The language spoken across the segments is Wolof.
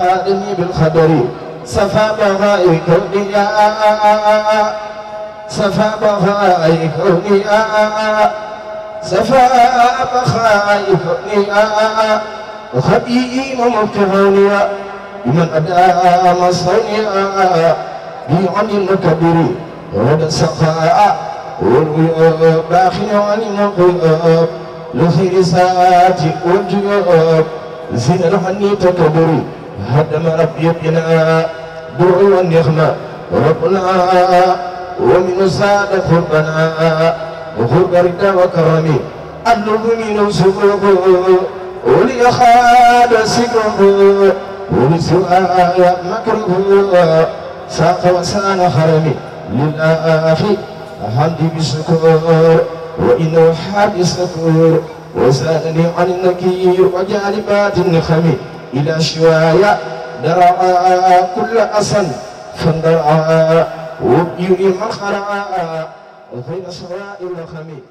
القادم بالخدر سفى بغائي كوني سفى بغائي كوني سفى بغائي كوني وخبيئي ومبتغوني بمن أداء مصوني بعن المكبر ورد السخاء والباخي عن المقلب لخير ساعات والجيوب زين الحني تكبري هدم رفيقنا درع النخمة ربنا ومن ساد خربنا وخرب ردا وكرمي اللب من سبوه وليخاد سكره ولسوء مكره ساق وسان خرمي للآخي حمدي بالشكر وإنه حادث الشكر وسألني عن النكير وجالبات النخمي إلى شوايا درعا كل أصل فاندرعا وابني من خرعا غير سواء الخميل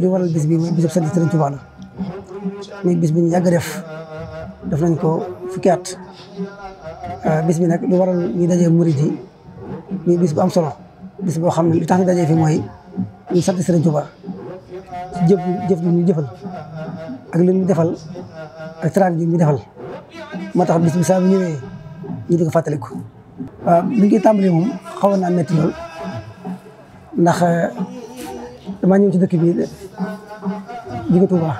li waral bis bi mooy bisub sant Sëriñ Tuubaa la muy bis bi ñu yàgg def def nañ ko fukki at ah, bis bi nag li waral ñu dajee murid yi muy bis bu am solo bis boo xam ne li tax ñu dajee fi mooy ñu sant Sëriñ Tuubaa ci jëf jëf li ñu jëfal ak li ñu defal ak teraanga ji defal moo tax bis bi saa bu ñëwee ñu di ko fàttaliku. waaw mi ngi tàmbali moom na naa métti lool ndax euh, ci dëkk bi jóge Tuuba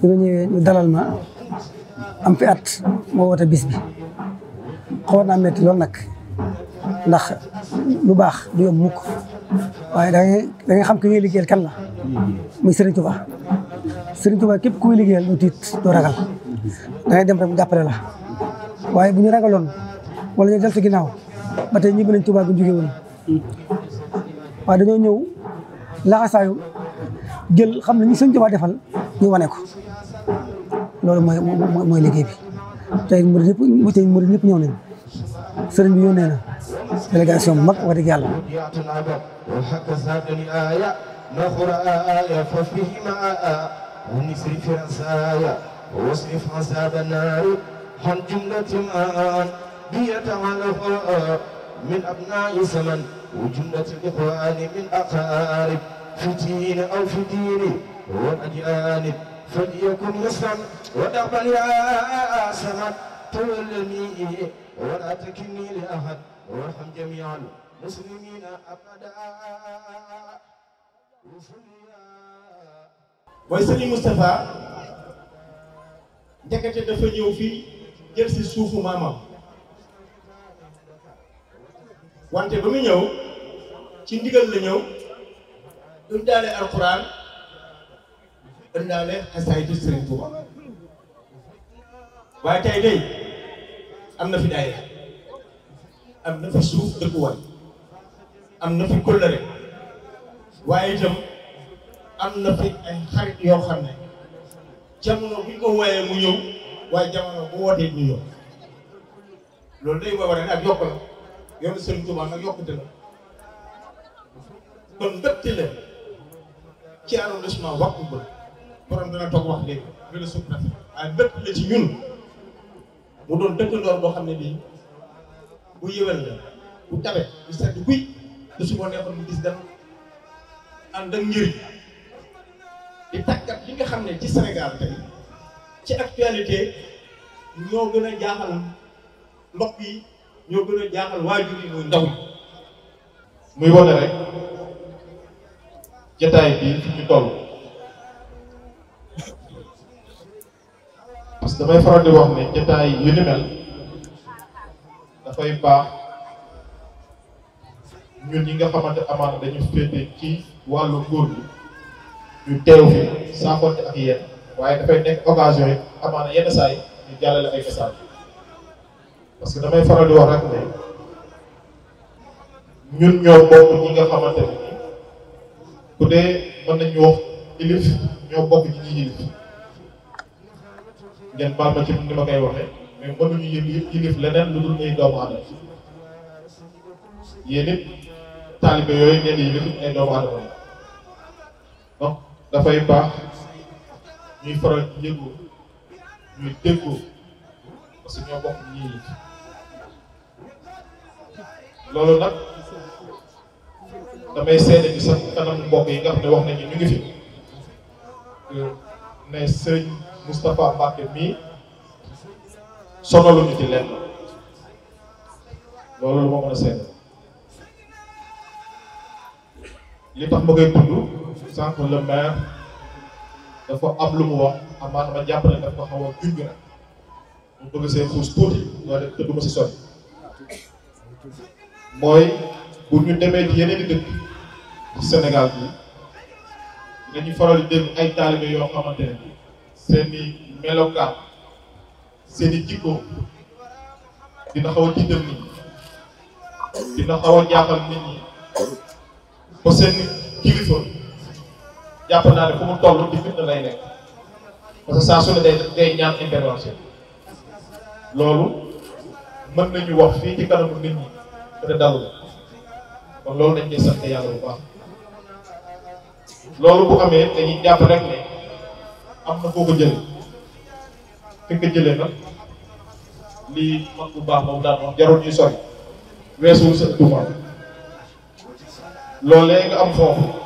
bi ñu dalal ma am fi at moo woote bis bi xawoon naa métti lool nag ndax lu baax du yomb mukk waaye da ngay xam ki ngay liggéeyal kan la mm-hmm. muy Serigne Touba Serigne Touba képp kuy liggéeyal doo tiit doo dangay dem rek mu jàppale la waaye bu ñu ragaloon wala ñu del si ginnaaw ba tey ñibbi nañ Tuubaa bu ñu jógee woon waaye ñëw laxasaayu jël xam ne ñu sëñ Tuubaa ñu wane ko loolu mooy mooy liggéey bi tey murid yëpp tey murid yëpp ñëw nañ sëriñ bi yónnee na délégation bu mag wax dëgg yàlla واصرف عذاب النار عن جملة ما بيتعالف من أبناء زمن وجملة الإخوان من أقارب في دين أو في ديني والأجانب فليكن مسلم ودع يا سمن تولني ولا تكني لأحد وارحم جميع المسلمين أبدا وصلي مصطفى ndekete dafa ñëw fii jël si suufu maamam wante ba mu ñëw ci ndigal la ñëw indaale alxuraan indaale xasaayidu Sëriñ Tuuba waaye tey day am na fi daayira am na fi suuf dëkkuwaay am na fi kóllëre waaye itam am na fi ay xarit yoo xam ne jamono buñ ko wooyee mu ñëw waaye jamono bu wootee ñu loolu day war a ne ak yokk la yoonu Sëriñ Tuubaa nag yokkute la kon mbëtti la ci arrondissement waxtu ba borom dana toog wax léegi bi doon boo xam ne bii bu yëwal la bu di tàggat li nga xam ne ci Sénégal tey ci actualité ñoo gën a jaaxal mbokk yi ñoo gën a jaaxal waajur yi muy ndaw yi muy wane rek jataay bi ñu toll parce que damay faral di wax ne jataay yu ni dafay baax ñun ñi nga xamante amaana dañu féete ci wàllu góor gi ñu teew fi sans compte ak yéen waaye dafay nekk occasion yi amaana yenn saa yi ñu jàllale ay message parce que damay faral di wax rek ne ñun ñoo bokk ñi nga xamante nii ku dee ñuy ilif ngeen baal ma ci ni ma koy waxee mais mënuñu yëpp ilif leneen lu dul ñuy doomu aadama yéen it taalibe yooyu ngeen di yëlif ay doomu aadama dafay baax ñuy faral di yëngu ñuy déggoo parce que ñoo bokk ñii loolu nag damay seede bi sax kanam mbokk yi nga xam ne wax nañu ñu ngi fi ne sëñ Moustapha Mbacke mii sonaluñu ci lenn loolu lu ma a seede li tax ma koy tudd sànq le maire dafa am lu mu wax amaana ma jàpp ne daf ko xaw a junj na mu bëgg see xuus tuuti waaye te du ma si sori mooy bu ñu demee ci yeneen i dëkk ci Sénégal bi dinañu faral di dégg ay taalibe yoo xamante ne seen i melokaan dina xaw a tiital dina xaw a jaaxal nit ñi ba jàpp naa ne fu mu toll ci fitna lay nekk parce que saa su ne day ñaan intervention loolu mën nañu wax fii ci kanamu nit ñi te dalu loolu dañ koy sant yàlla bu baax loolu bu dañuy jàpp rek ne am na foo ko jëlee fi nga jëlee lii mag bu baax moom daal wax jarul ñuy sori weesuwul sa tuuma loolee nga am foofu.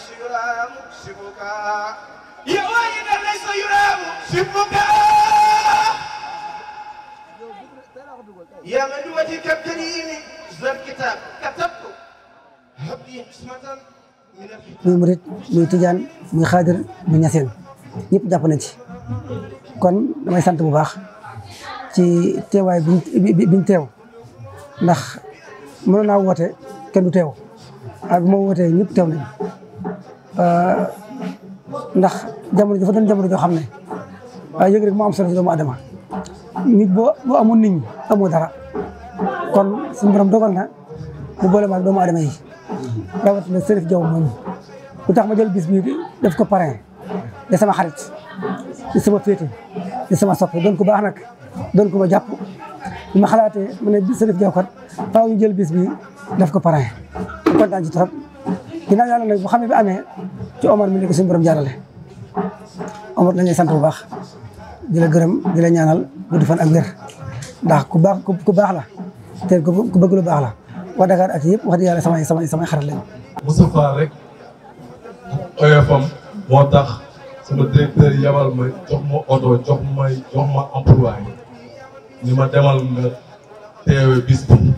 ليس يرى مكسبك يا ويدا ليس يرى مكسبك يا من وجهك الكريم ذا الكتاب كتبت هب لي قسمة من الكتاب muy murit muy tijaan muy xaadir muy ñaseen ñëpp jàpp nañ ci kon damay sant bu baax ci teewaay biñ teew ndax mënoon naa woote kenn du teew ak bu ma wootee ñëpp teew nañ Euh, ndax jamono dafa jamono joo xam ne waaye yëg rek moo am solo doomu adama nit boo boo amoon nit amoo dara kon suñu borom dogal na mu boole ma ak doomu adama yi rawatina Serif Diaw moomu lu tax ma jël bis bi def ko parrain de sama xarit di sama féete sama soppi doon ko baax nag doon ko ma jàpp bi ma xalaatee mu ne Serif Diaw kat jël bis bi def ko parrain ginnaaw yalla nag bu xamé bi amé ci Omar mi ne ko suñu borom jaralé Omar la lay sant bu baax dila gëreem dila ñaanal bu defal ak wër ndax ku baax ku baax la té ku bëgg lu baax la wa Dakar ak yépp wax di yalla sama sama sama xarit lañ Moustapha rek oyofam moo tax sama directeur yabal ma jox ma auto jox ma jox ma emploi ni ma demal nga téwé bis bi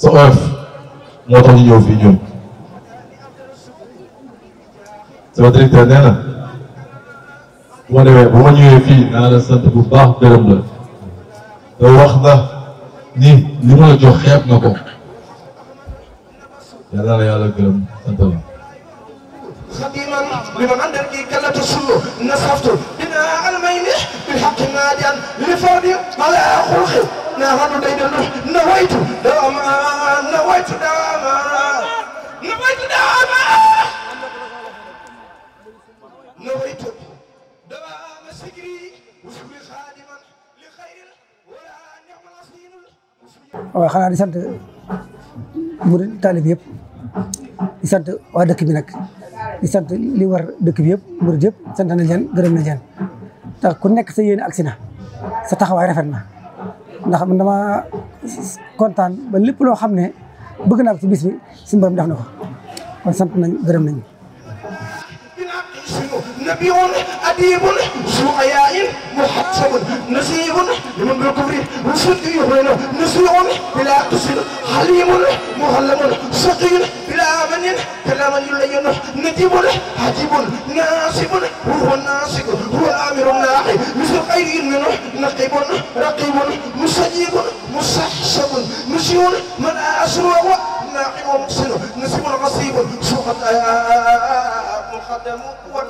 sa oyof moo tax ñu ñëw fii ñun. Sébastien Diouf nee na bu ma demee bu ma ñëwee fii naa la sant bu baax gërëm la te wax nga ni li ma la jox xeeb nga ko yàlla la yàlla gërëm sant la. خديما لمن عند القلة سلو نسخت بنا المينح بالحق ناديا لفردي على خلقي نهض ديدنه نويت دام نويت دام waaw xanaa di sant bu taalib yëpp di sant waa dëkk bi nag di sant li war dëkk bi yëpp murid yëpp sant nañ leen gërëm nañ leen ndax ku nekk sa yéene agsi na sa taxawaay rafet na ndax man dama kontaan ba lépp loo xam bëgg ci bis bi borom def kon nañ nañ. محتسب نسيب لمن بالكفر وسد يهون نسيء بلا قصر حليم مهلم سقيل بلا من كلام يلين نديب عجيب ناسب وهو الناسب هو الامر الناحي مثل خير منه نقيب رقيب مسجيب مستحسب نسيء من اسر وهو ناعم ومحسن نسيب غصيب سوقت آه، مقدم